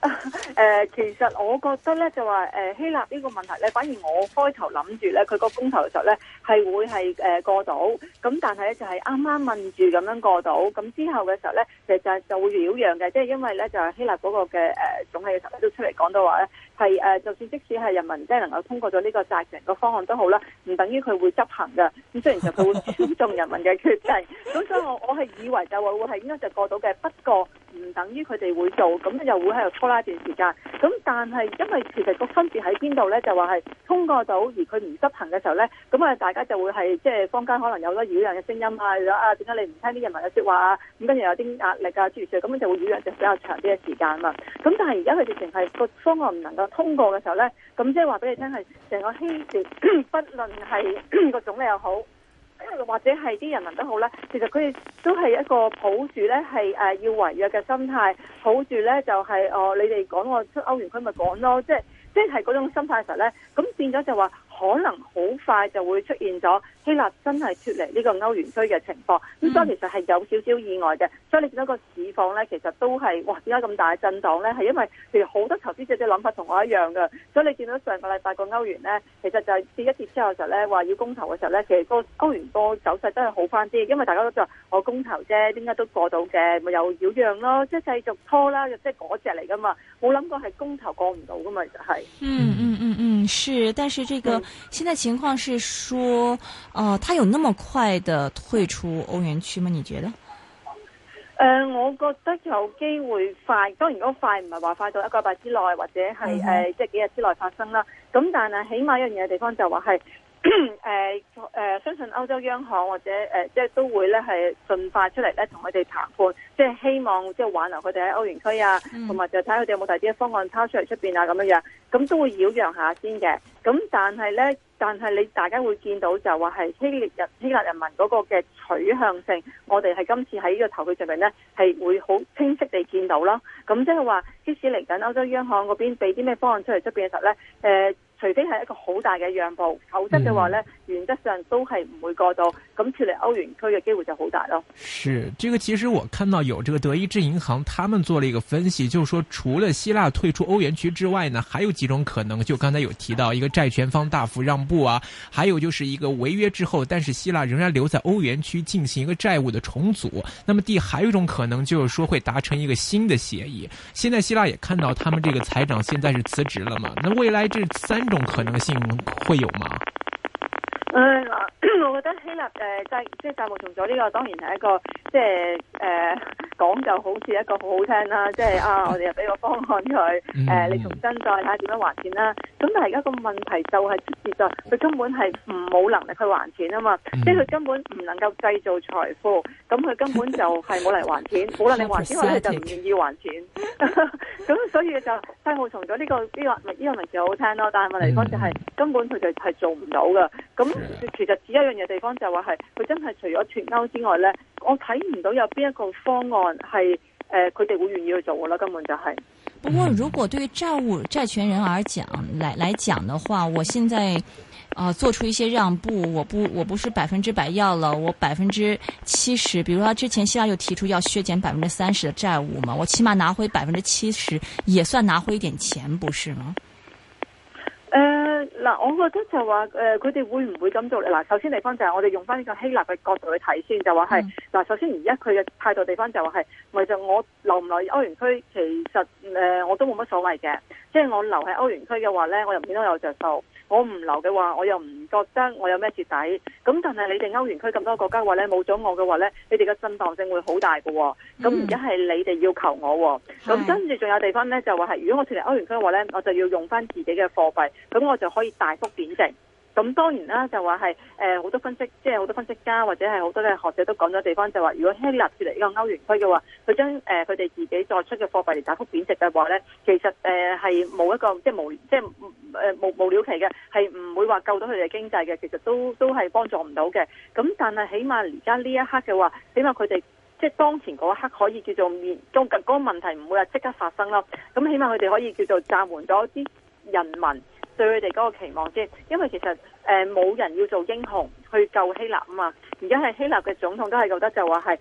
誒、 呃，其實我覺得咧就話誒、呃，希臘呢個問題咧，反而我開頭諗住咧，佢個公投嘅時候咧係會係誒、呃、過到，咁但係咧就係啱啱問住咁樣過到，咁之後嘅時候咧，其實就是、就會擾攘嘅，即係因為咧就係希臘嗰個嘅誒、呃、總理嘅時候都出嚟講到話咧，係誒、呃、就算即使係人民即係能夠通過咗呢個債權個方案都好啦，唔等於佢會執行噶，咁雖然就佢會尊重人民嘅決定，咁所以我我係以為就話會係應該就過到嘅，不過。唔等於佢哋會做，咁就會喺度拖拉一段時間。咁但係因為其實個分別喺邊度咧？就話係通過到，而佢唔執行嘅時候咧，咁啊大家就會係即係坊間可能有咗輿論嘅聲音啊，啊點解你唔聽啲人民嘅說話啊？咁跟住又有啲壓力啊之類嘅，咁就會輿論就比較長啲嘅時間啦。咁但係而家佢直情係個方案唔能夠通過嘅時候咧，咁即係話俾你聽係成個希臘，不論係個總理又好。或者係啲人民都好啦，其實佢哋都係一個抱住咧，係誒要違約嘅心態，抱住咧就係、是、哦，你哋趕我出歐元區咪趕咯，即係即係嗰種心態嘅時候咧，咁變咗就話。可能好快就會出現咗希臘真係脱離呢個歐元區嘅情況，咁所以其實係有少少意外嘅。所以你見到個市況咧，其實都係哇點解咁大嘅震盪咧？係因為其實好多投資者嘅諗法同我一樣嘅。所以你見到上個禮拜個歐元咧，其實就係跌一跌之後嘅時候咧話要公投嘅時候咧，其實個歐元波走勢都係好翻啲，因為大家都就我公投啫，點解都過到嘅？咪有擾攘咯，即係繼續拖啦，即係嗰隻嚟噶嘛，冇諗過係公投過唔到噶嘛，就係嗯嗯嗯嗯。嗯是，但是這個現在情況是說，哦、呃，他有那麼快的退出歐元區嗎？你覺得？誒、呃，我覺得有機會快，當然快唔係話快到一個禮拜之內或者係誒即係幾日之內發生啦。咁但係起碼一樣嘢地方就話係。誒誒、 呃呃，相信歐洲央行或者誒、呃，即係都會咧係盡快出嚟，咧，同佢哋談判，即係希望即係挽留佢哋喺歐元區啊，同、嗯、埋就睇佢哋有冇大啲嘅方案抄出嚟出邊啊，咁樣樣，咁都會擾攘下先嘅。咁但係咧，但係你大家會見到就話係希臘人希臘人民嗰個嘅取向性，我哋係今次喺呢個投票上面咧係會好清晰地見到囉。咁即係話，即使嚟緊歐洲央行嗰邊俾啲咩方案出嚟出邊嘅時候咧，誒、呃。除非係一個好大嘅讓步，否則嘅話呢，原則上都係唔會過到，咁脫離歐元區嘅機會就好大咯。是，這個其實我看到有這個德意志銀行，他們做了一個分析，就是說除了希臘退出歐元區之外呢，還有幾種可能。就剛才有提到一個債權方大幅讓步啊，還有就是一個違約之後，但是希臘仍然留在歐元區進行一個債務的重組。那麼第，還有一種可能就是說會達成一個新的協議。現在希臘也看到，他們這個財長現在是辭職了嘛？那未來這三。這種可能性會有嗎？ 我覺得希臘誒債，即係債務重組呢個當然係一個即係誒講就是呃、好似一個好好聽啦， 即係啊我哋又俾個方案佢誒你重新再睇下點樣還錢啦。咁但係而家個問題就係出在佢根本係唔冇能力去還錢啊嘛，即係佢根本唔能夠製造財富，咁 佢根本就係冇嚟還錢。冇 能力還錢話，佢 就唔願意還錢。咁 所以就債務重組呢個呢、這個呢、這個名字好聽咯，但係問題關鍵係根本佢就係做唔到噶。咁 其實只有一樣嘢地方就話係佢真係除咗脫歐之外呢，我睇唔到有邊一個方案係佢哋會願意去做噶啦，根本就係、是。不、嗯、過如果對於債務債權人而講來來講的話，我現在、呃、做出一些讓步，我不我不是百分之百要了，我百分之七十，比如說之前希臘又提出要削減百分之三十的債務嘛，我起碼拿回百分之七十，也算拿回一點錢，不是嗎？呃嗱、嗯，我覺得就話誒，佢、呃、哋會唔會咁做？嗱，首先地方就係我哋用返呢個希臘嘅角度去睇先，就話係嗱，首先而家佢嘅態度地方就話、是、係，咪就是、我留唔落歐元區，其實誒、呃、我都冇乜所謂嘅，即、就、係、是、我留喺歐元區嘅話咧，我入面都有着數。我唔留嘅話，我又唔覺得我有咩蝕底。咁但係你哋歐元區咁多個國家話咧，冇咗我嘅話咧，你哋嘅震盪性會好大嘅。咁而家係你哋要求我，咁跟住仲有地方咧，就話係如果我脫離歐元區嘅話咧，我就要用翻自己嘅貨幣，咁我就可以大幅貶值。咁當然啦，就話係誒好多分析，即係好多分析家或者係好多嘅學者都講咗地方就，就話如果希臘脫離呢個歐元區嘅話，佢將誒佢哋自己再出嘅貨幣嚟大幅貶值嘅話咧，其實誒係冇一個即係無即係誒無，無，無了期嘅，係唔會話救到佢哋經濟嘅，其實都都係幫助唔到嘅。咁但係起碼而家呢一刻嘅話，起碼佢哋即係當前嗰一刻可以叫做面，當、那、嗰個問題唔會話即刻發生咯。咁起碼佢哋可以叫做暫緩咗啲人民。對佢哋嗰個期望即係，因為其實誒冇人要做英雄去救希臘啊嘛。而家係希臘嘅總統都係覺得就話係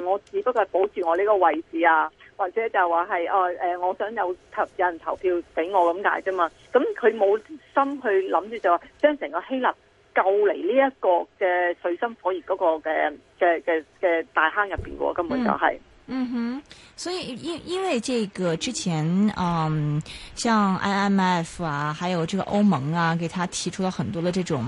誒，我只不過係保住我呢個位置啊，或者就話係哦誒，我想有投有人投票俾我咁解啫嘛。咁佢冇心去諗住就話將成個希臘救嚟，呢一個嘅水深火熱嗰個嘅嘅嘅嘅大坑入邊嘅，根本就係。嗯哼，所以因因為這個之前，嗯，像 IMF 啊，還有這個歐盟啊，給他提出了很多的這種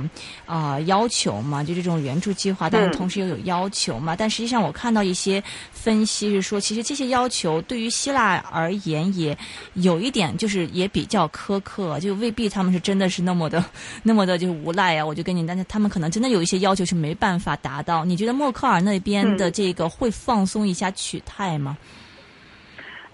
啊、呃、要求嘛，就這種援助計劃，當然同時又有要求嘛、嗯。但實際上我看到一些分析是說，其實這些要求對於希臘而言也有一點，就是也比較苛刻，就未必他們是真的是那麼的那麼的就是無賴啊，我就跟你，但是他們可能真的有一些要求是沒辦法達到。你覺得默克爾那邊的這個會放鬆一下去他。嗯取係嘛？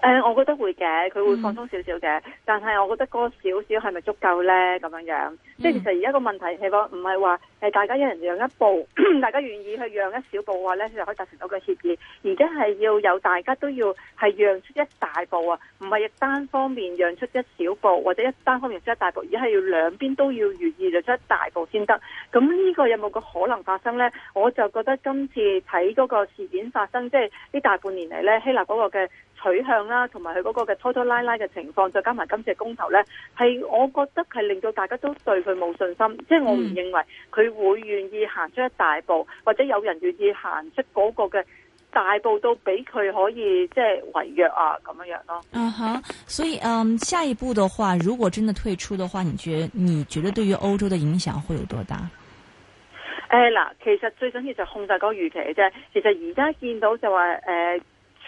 誒、呃，我覺得會嘅，佢會放鬆少少嘅，嗯、但係我覺得嗰少少係咪足夠咧？咁樣樣，即、嗯、係其實而家個問題係個唔係話。係大家一人讓一步， 大家願意去讓一小步嘅話呢，佢就可以達成到個協議。而家係要有大家都要係讓出一大步啊，唔係單方面讓出一小步，或者一單方面出一大步，而係要兩邊都要願意讓出一大步先得。咁呢個有冇個可能發生呢？我就覺得今次睇嗰個事件發生，即係呢大半年嚟呢，希臘嗰個嘅取向啦、啊，同埋佢嗰個嘅拖拖拉拉嘅情況，再加埋今次嘅公投呢，係我覺得係令到大家都對佢冇信心。即係我唔認為佢。會願意行出一大步，或者有人願意行出嗰個嘅大步，都俾佢可以即係、就是、違約啊咁樣樣咯、uh-huh.。嗯哼，所以嗯下一步的話，如果真的退出的話，你覺你覺得對於歐洲的影響會有多大？誒、呃、嗱，其實最緊要就控制嗰個預期嘅啫。其實而家見到就話，誒、呃、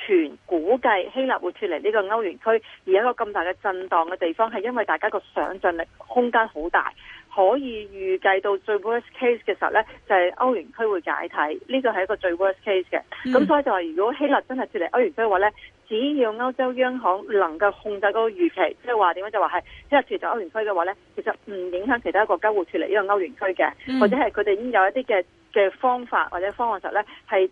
全估計希臘會脱離呢個歐元區，而一個咁大嘅震蕩嘅地方，係因為大家個想象力空間好大。可以預計到最 worst case 嘅時候呢，就係、是、歐元區會解體，呢個係一個最 worst case 嘅。咁、嗯、所以就話，如果希臘真係脫離歐元區嘅話呢，只要歐洲央行能夠控制嗰個預期，即係話點樣就話係希臘脫離歐元區嘅話呢，其實唔影響其他國家會脫離呢個歐元區嘅、嗯，或者係佢哋已經有一啲嘅。嘅方法或者方案時候咧，係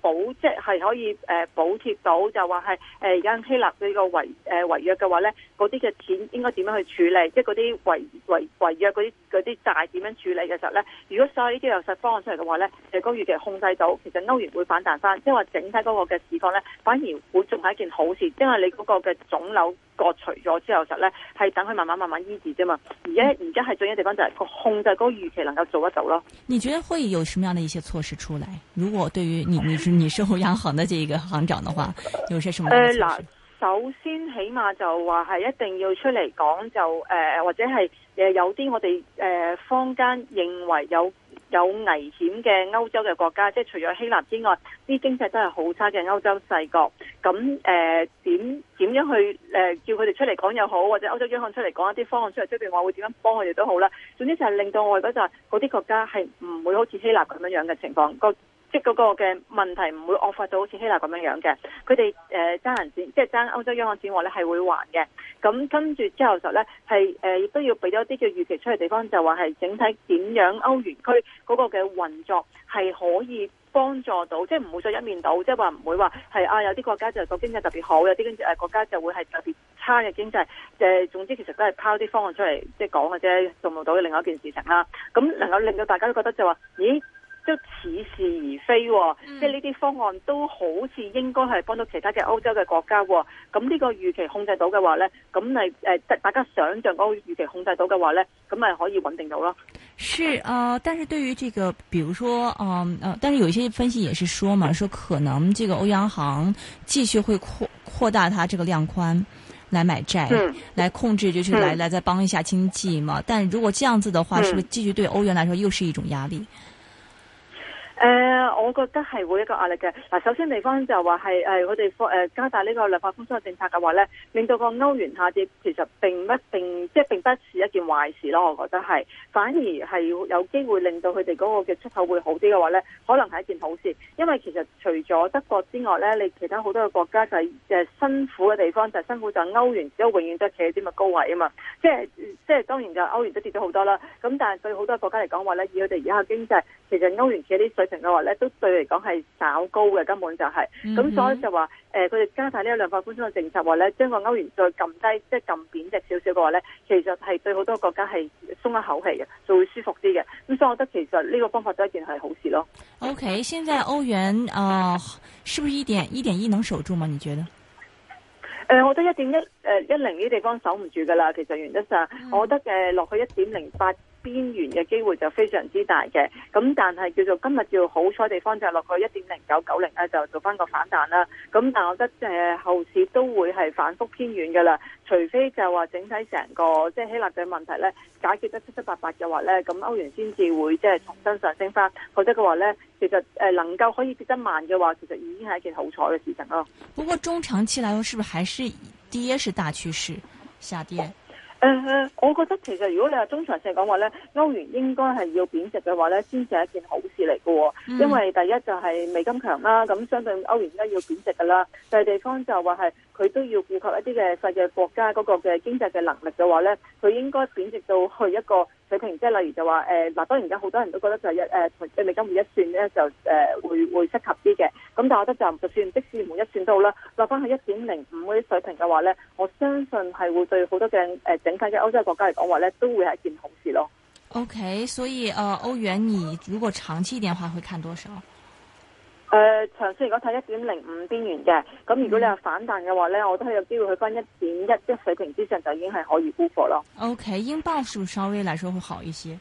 補、呃、即係可以、呃、補貼到，就話係誒而家希臘佢個違約嘅話咧，嗰啲嘅錢應該點樣去處理？即嗰啲違約嗰啲啲債點樣處理嘅時候咧？如果所有呢啲又實方案出嚟嘅話咧，誒、個預期控制到，其實歐元會反彈翻，即係話整體嗰個嘅市況咧，反而會仲係一件好事，因為你嗰個嘅腫瘤割除咗之後，之後呢，實咧係等佢慢慢慢慢醫治啫嘛。而家而家係最重要地方就係個控制個預期能夠做得到咯。你覺得會有樣的一些措施出來，如果對於你你是你身為央行的這一個行長的話，有、就、些、是、什麼東西？誒，嗱，首先起碼就話係一定要出嚟講，就、呃、誒或者係誒、呃、有啲我哋誒、呃、坊間認為有。有危險嘅歐洲嘅國家，即係除咗希臘之外，啲經濟都係好差嘅歐洲細國。咁誒點點樣去誒、呃、叫佢哋出嚟講又好，或者歐洲央行出嚟講一啲方案出嚟，出邊話會點樣幫佢哋都好啦。總之就係令到我覺得就係嗰啲國家係唔會好似希臘咁樣樣嘅情況。嗰個即嗰個嘅問題唔會惡化到好似希臘咁樣樣嘅，佢哋誒爭人錢，即係爭歐洲央行錢，話咧係會還嘅。咁跟住之後就咧係亦都要俾咗一啲叫預期出嚟，地方就話係整體點樣歐元區嗰個嘅運作係可以幫助到，即係唔會再一面倒，即係話唔會話係啊有啲國家就個經濟特別好，有啲誒國家就會係特別差嘅經濟。誒總之其實都係拋啲方案出嚟，即係講嘅啫，做唔到另外一件事情啦。咁能夠令到大家都覺得就話咦？都似是而非、哦，即係呢啲方案都好似應該係幫到其他嘅歐洲嘅國家、哦。咁呢個預期控制到嘅話呢咁係誒，大家想象個預期控制到嘅話呢咁咪可以穩定到咯。是啊、呃，但是對於這個，比如說，嗯、呃，誒、呃，但係有一些分析也是說嘛，說可能這個歐央行繼續會擴擴大它這個量寬，來買債，嗯、來控制，就是來、嗯、來再幫一下經濟嘛。但如果這樣子嘅話，嗯、是不是繼續對歐元來說又是一種壓力？誒、呃，我覺得係會一個壓力嘅。嗱，首先地方就話係誒，我哋放加大呢個量化寬鬆嘅政策嘅話咧，令到個歐元下跌，其實並唔一即係並不是一件壞事咯。我覺得係，反而係有機會令到佢哋嗰個嘅出口會好啲嘅話咧，可能係一件好事。因為其實除咗德國之外咧，你其他好多嘅國家就係誒辛苦嘅地方就係、係、辛苦就係歐元，只係永遠都係企喺啲乜高位啊嘛。即係即係當然就歐元都跌咗好多啦。咁但係對好多國家嚟講話咧，以佢哋而家嘅經濟，其實歐元企喺啲水。話咧都對嚟講係稍高嘅，根本就係、是，咁所以就話，誒、嗯，佢、呃、哋加大呢量化寬鬆嘅政策話咧，將個歐元再撳低，即係撳貶值少少嘅話咧，其實係對好多國家係鬆一口氣嘅，就會舒服啲嘅。咁所以我覺得其實呢個方法都一件係好事咯。O、okay, K，現在歐元啊、呃，是不是一點一點一能守住嗎？你覺得？誒、呃，我覺得一點一誒一零呢地方守唔住噶啦，其實原則上、嗯，我覺得誒落、呃、去一點零八，邊緣嘅機會就非常之大嘅，咁但係叫做今日叫好彩地方就係落去一點零九九零咧，就做翻個反彈啦。咁但係我覺得誒、呃、後市都會係反復偏軟嘅啦，除非就話整體成個即係、就是、希臘嘅問題咧解決得七七八八嘅話咧，咁歐元先至會即係重新上升翻。或者嘅話咧，其實誒能夠可以跌得慢嘅話，其實已經係一件好彩嘅事情咯。不過中長期嚟講，是不是還是跌是大趨勢，下跌？嗯、呃、嗯，我覺得其實如果你話中長線講話咧，歐元應該係要貶值嘅話咧，先至係一件好事嚟㗎、哦嗯。因為第一就係美金強啦，咁相對歐元而家要貶值㗎啦。第二地方就話係佢都要顧及一啲嘅世界國家嗰個嘅經濟嘅能力嘅話咧，佢應該貶值到去一個水平即係例如就話誒，嗱、呃、當然而家好多人都覺得就係、是、誒、誒、呃、美金每一算咧就，誒、呃、會會適合啲嘅，咁但係我覺得就就算即使每一算都好啦，落翻去一點零五嗰啲水平嘅話咧，我相信係會對好多嘅誒、呃、整體嘅歐洲國家嚟講話咧，都會係一件好事咯。OK，所以誒歐、呃、元，你如果長期電話會看多少？誒、呃，長線如果睇一點零五邊緣嘅，咁如果你係反彈嘅話咧、嗯，我都係有機會去翻一點一一水平之上就已經係可以沽貨咯。OK，英鎊是不是稍微來說會好一些？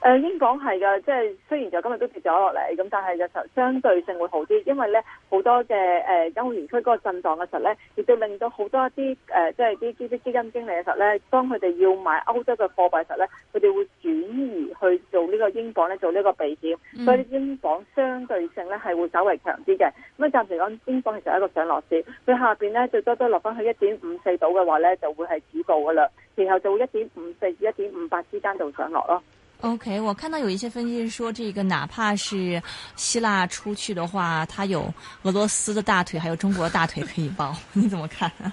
誒，英鎊係噶，即係雖然就今日都跌咗落嚟，咁但係其實相對性會好啲，因為咧好多嘅誒歐元區嗰個震盪嘅時候咧，亦都令到好多一啲誒、呃，即係啲啲啲基金經理嘅時候咧，當佢哋要買歐洲嘅貨幣嘅時候咧，佢哋會轉移去做呢個英鎊咧，做呢個避險、嗯，所以英鎊相對性咧係會稍微強啲嘅。咁啊暫時講，英鎊其實係一個上落市，佢下邊咧最多都落翻去一點五四度嘅話咧，就會係止步噶啦，然後就會一點五四至一點五八之間度上落咯。OK，我看到有一些分析說，這個哪怕是希臘出去的話，他有俄羅斯的大腿，還有中國的大腿可以抱。 你怎麼看？誒、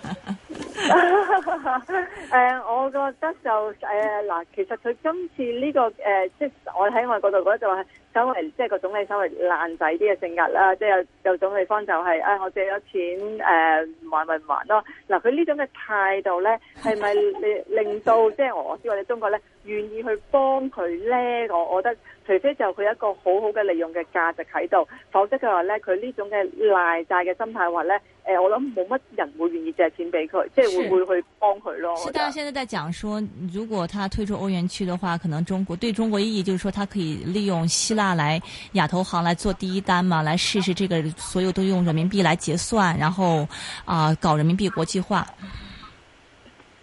呃，我覺得就誒嗱、呃，其實佢今次呢、這個誒、呃，即係我喺外國度度係稍微即係個總理稍微爛仔啲嘅性格啦，即係有有種地方就係、是、啊、哎，我借咗錢誒，還還唔還咯？嗱，佢呢、呃、種嘅態度咧，係咪令令到 即係俄羅斯或者中國咧？願意去幫佢呢？我覺得除非就佢一個好好嘅利用嘅價值喺度，否則嘅話呢，佢呢種嘅賴債嘅心態話呢，誒、呃，我諗冇乜人會願意借錢俾佢，即係會唔會去幫佢咯。是大家現在在講說，說如果他退出歐元區的話，可能中國對中國意義就是說，他可以利用希臘來亞投行來做第一單嘛，來試試這個所有都用人民幣來結算，然後啊、呃、搞人民幣國際化。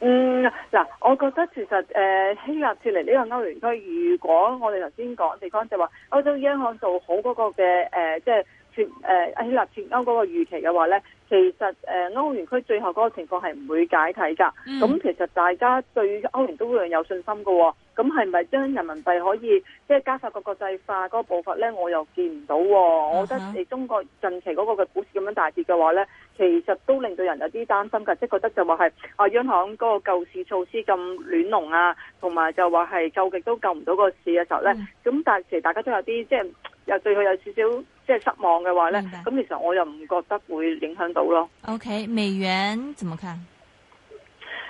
嗯，嗱，我覺得其實誒、呃、希臘撤離呢個歐元區，如果我哋頭先講地方就話歐洲央行做好嗰個嘅、呃、即係脫、呃、希臘脫歐嗰個預期嘅話咧，其實誒、呃、歐元區最後嗰個情況係唔會解體㗎。咁、嗯、其實大家對歐元都會有信心㗎、哦。咁係咪將人民幣可以即係、就是、加法個國際化嗰個步伐咧？我又見唔到喎、哦哦。我覺得誒中國近期嗰個嘅股市咁樣大跌嘅話咧，其實都令到人有啲擔心㗎，即、就、係、是、覺得就話係啊央行嗰個救市措施咁亂龍啊，同埋就話係救極都救唔到個市嘅時候咧。咁、嗯、但係其實大家都有啲即係又對佢有少少即係失望嘅話咧，咁其實我又唔覺得會影響到咯。O、okay, K，美元怎麼看？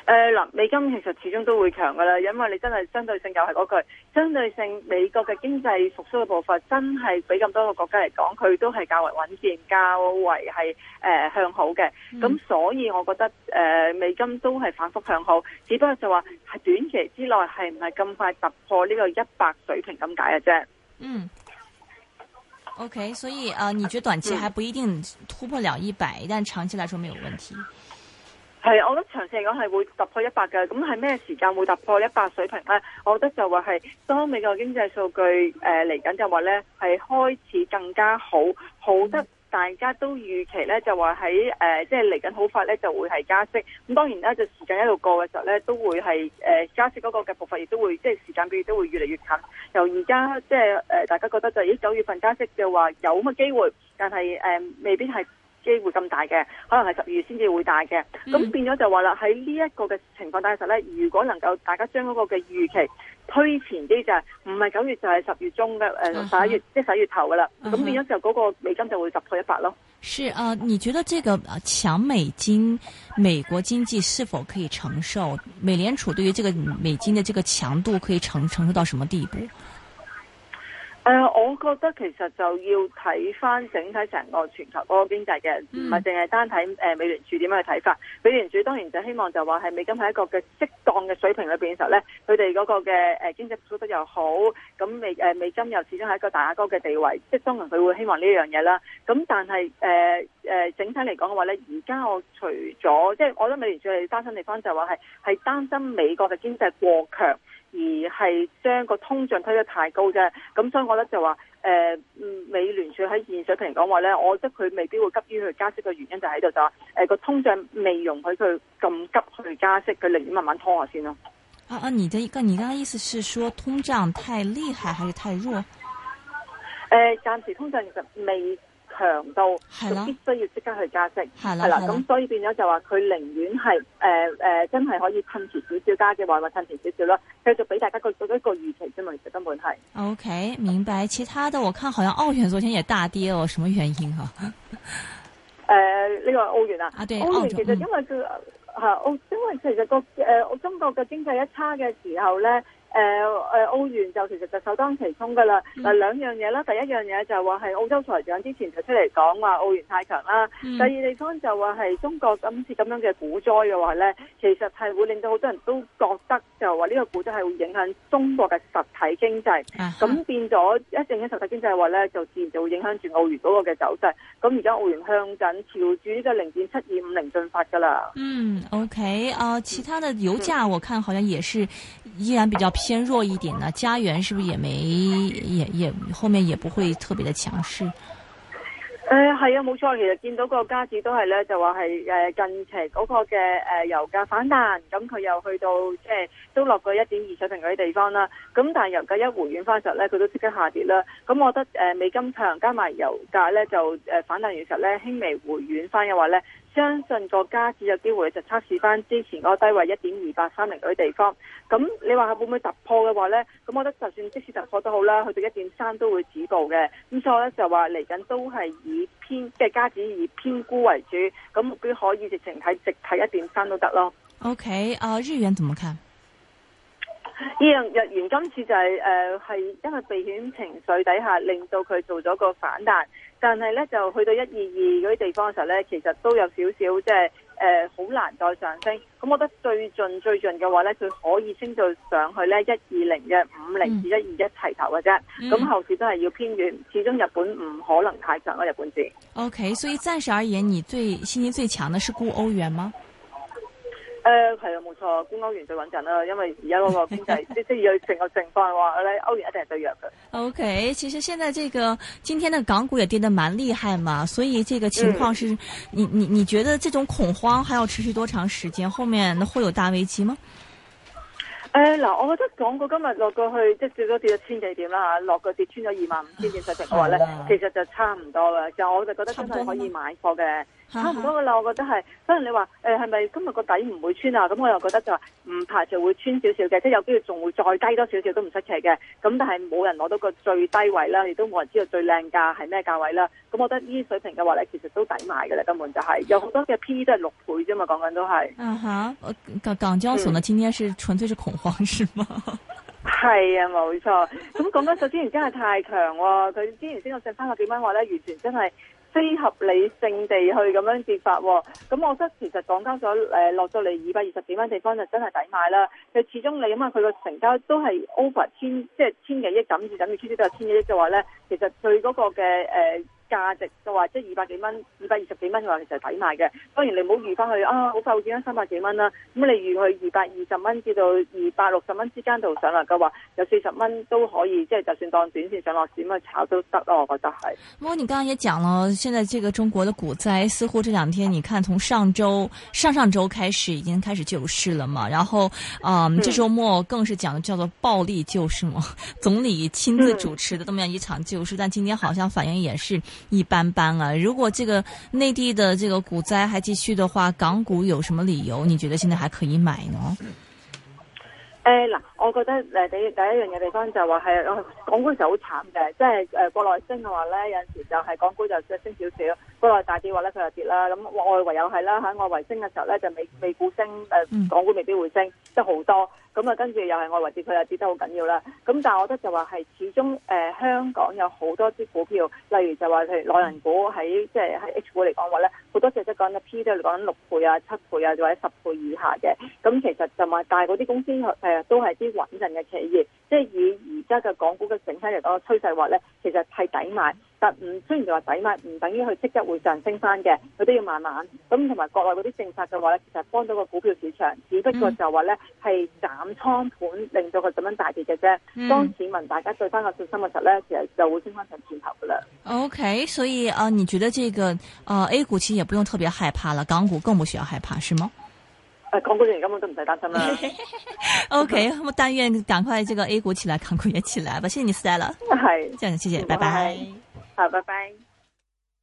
誒，嗱，美金其實始終都會強噶啦，因為你真係相對性又係嗰句，相對性美國嘅經濟復蘇嘅步伐真係比咁多個國家嚟講，佢都係較為穩健、較為係誒、呃、向好嘅。咁、嗯、所以我覺得誒、呃，美金都係反覆向好，只不過就話係短期之內係唔係咁快突破呢個一百水平咁解嘅啫。嗯。O、okay, K，所以、呃、你覺得短期還不一定突破了一百、嗯，但長期來說沒有問題。係，我覺得長線嚟講係會突破一百㗎。咁係咩時間會突破一百水平咧？我覺得就話係當美國經濟數據誒嚟緊，呃、來就話咧係開始更加好，好得大家都預期咧，就話喺誒即係嚟緊好快咧，就會係加息。咁當然啦，就時間一路過嘅時候咧，都會係誒、呃、加息嗰個嘅步伐亦都會即係、就是、時間表亦都會越嚟越近。由而家即係誒大家覺得就咦九月份加息就話有咁嘅機會，但係誒、呃、未必係。機會咁大嘅，可能係十二月先至會大嘅，咁變咗就話啦，喺呢一個嘅情況底下，實咧，如果能夠大家將嗰個嘅預期推前啲，不是月就係唔係九月，就係十月中嘅誒十一月，即係十一月頭噶啦，咁變咗就嗰個美金就會突破一百咯。是啊，呃，你覺得這個強美金，美國經濟是否可以承受？美聯儲對於這個美金嘅這個強度可以承承受到什麼地步？誒、呃，我覺得其實就要睇翻整體成個全球嗰個經濟嘅，唔係淨係單睇誒美聯儲點樣去睇法。美聯儲當然就希望就話係美金喺一個嘅適當嘅水平裏邊嘅時候咧，佢哋嗰個嘅誒經濟復甦得又好，咁美誒、呃、美金又始終係一個大阿哥嘅地位，即係當然佢會希望呢樣嘢啦。咁但係誒誒整體嚟講嘅話咧，而家我除咗即係我覺得美聯儲係擔心地方就話係係擔心美國嘅經濟過強。而係將個通脹推得太高啫，咁所以我覺得就話誒、呃，美聯儲喺現水平講話咧，我覺得佢未必會急於去加息嘅原因就喺度就話誒個通脹未容許佢咁急去加息，佢寧願慢慢拖下先咯、啊。啊，你嘅的，依個尼家意思是說通脹太厲害，還是太弱？誒、呃，暫時通脹其實未。強度就必須要即刻去加息，係啦，咁所以變咗就話佢寧願係誒誒，真係可以趁住少少加嘅話，咪趁住少少啦，繼續俾大家個一個預期啫嘛，其實根本係。OK，明白。其他的我看，好像澳元昨天也大跌哦，什麼原因啊？誒、呃，呢個澳元啊，啊對澳，澳元其實因為佢吓澳，因為其實個誒，我中國嘅經濟一差嘅時候咧。誒誒澳元就其實就首當其衝㗎啦。嗱、嗯、兩樣嘢啦，第一樣嘢就係話係澳洲財長之前就出嚟講話澳元太強啦、嗯。第二地方就話係中國今次咁樣嘅股災嘅話咧，其實係會令到好多人都覺得就話呢個股災係會影響中國嘅實體經濟。咁、哎、變咗一影嘅實體經濟嘅話咧，就自然就會影響住澳元嗰個嘅走勢。咁而家澳元向緊朝住呢個零點七二五零進發㗎啦。嗯，OK 啊、呃，其他嘅油價我看好像也是依然比較平。嗯嗯。偏弱一點呢，加元是不是也沒，也也後面也不會特別的強勢？誒、呃、係啊，冇錯，其實見到個加價指都係咧，就話係誒近期嗰個嘅誒、呃、油價反彈，咁、嗯、佢又去到即係、呃、都落過一點二水平嗰啲地方啦。咁但係油價一回軟翻實咧，佢都即刻下跌啦。咁、嗯、我覺得誒、呃、美金強加埋油價咧就誒、呃、反彈完實咧輕微回軟翻嘅話咧。相信個家子有機會就測試翻之前嗰個低位一點二八三零嗰啲地方，咁你話係會唔會突破嘅話呢？咁我覺得就算即使突破都好啦，去到一點三都會止步嘅。咁所以我咧就話嚟緊都係以偏即係家子以偏沽為主，咁目標可以直情睇直睇一點三都得咯。OK，啊、uh，日元怎麼看？呢樣日元今次就係、是、係、呃、因為避險情緒底下令到佢做咗個反彈。但係咧就去到一二二嗰啲地方嘅時候咧，其實都有少少即係誒好難再上升。咁、嗯、我、嗯、覺得最近最近嘅話咧，佢可以升到上去咧一二零一五零至一二一齊頭嘅啫。咁、嗯嗯、後市都係要偏軟，始終日本唔可能太強咯。日本市。OK，所以暫時而言，你最信心最強嘅是沽歐元嗎？誒、呃，係啊，冇錯，觀歐元最穩陣啦，因為而家嗰個經濟， 即即係成個情況嘅話咧，歐元一定係最弱嘅。O、okay, K，其實現在這個今天的港股也跌得蠻厲害嘛，所以這個情況是，嗯、你你你覺得這種恐慌還要持續多長時間？後面會有大危機嗎？誒，嗱，我覺得港股今日落過去，即最多跌咗千幾點啦吓，落過去跌穿咗二萬五千點水平嘅話咧， 其實就差唔多啦，就我就覺得真係可以買貨嘅。差唔、 啊、多噶啦，我覺得係。可能你話誒係咪今日個底唔會穿啊，咁我又覺得就話唔排就會穿少少嘅，即係有機會仲會再低多少少都唔出奇嘅。咁但係冇人攞到個最低位啦，亦都冇人知道最靚價係咩價位啦。咁我覺得呢啲水平嘅話咧，其實都抵買嘅啦，根本就係、是。有好多嘅 P 都係六倍啫嘛，講緊都係。嗯、啊、哼，港港交所呢？今天是純粹是恐慌、嗯、是嗎？係 啊，冇錯。咁港交首先真的太了佢之前真係太強喎，佢之前先有剩三十幾蚊，話咧完全真係。非合理性地去咁樣設法、哦，咁我覺得其實講交咗誒落到嚟二百二十幾蚊地方就真係抵買啦。其實始終你諗下佢個成交都係 over 千，即係千幾億咁至，等至乎都係千幾億嘅話咧，其實對嗰個嘅誒。呃價值就話，即係二百幾蚊，二百二十幾蚊，佢話其實抵買嘅。當然你唔好預翻去啊，好快會見到三百幾蚊啦。咁你預去二百二十蚊至到二百六十蚊之間度上落嘅話，有四十蚊都可以，即係就算當短線上落市咁去炒都得咯。我覺得係。摩尼剛剛也講咯，現在這個中國的股災似乎這兩天，你看從上周、上上周開始已經開始救市了嘛。然後，嗯，嗯這周末更是講的叫做暴力救市嘛。總理親自主持的這麼一場救市、嗯，但今天好像反應也是。一般般啊，如果這個內地的這個股災還繼續的話，港股有什麼理由？你覺得現在還可以買呢？誒、嗯，嗱，我覺得誒，第第一樣嘢地方就話係，誒，港股其實好慘嘅，即係誒，國內升嘅話咧，有陣時就係港股就即升少少，國內大跌話咧佢又跌啦，咁外圍有係啦，喺外圍升嘅時候咧就美美股升，誒，港股未必會升得好多。咁啊，跟住又係我為止佢又跌得好緊要啦。咁但係我覺得就話係始終，誒、呃、香港有好多支股票，例如就話佢內銀股喺即係喺 H 股嚟講話咧，好多隻只講緊 P 都係講緊六倍啊、七倍啊，或者十倍以下嘅。咁其實就話大嗰啲公司誒都係啲穩陣嘅企業。即係以而家嘅港股嘅整體嚟講趨勢話咧，其實係抵買，但唔雖然話抵買唔等於佢即刻會上升翻嘅，佢都要慢慢咁，同埋國內嗰啲政策嘅話咧，其實幫到個股票市場，只不過就話咧係斬倉盤令到佢咁樣大跌嘅啫、嗯。當市民大家對翻個信心嘅時候咧，其實就會升翻上前頭噶啦。OK，所以啊、呃，你覺得這個啊、呃、A 股其實也不用特別害怕啦，港股更不需要害怕，是嗎？哎、港股人根本都唔使擔心啦。 OK， 我但願趕快這個 A 股起來，港股也起來吧。謝謝你 Stella 啦，真係， 謝謝，謝謝。拜拜，好，拜拜。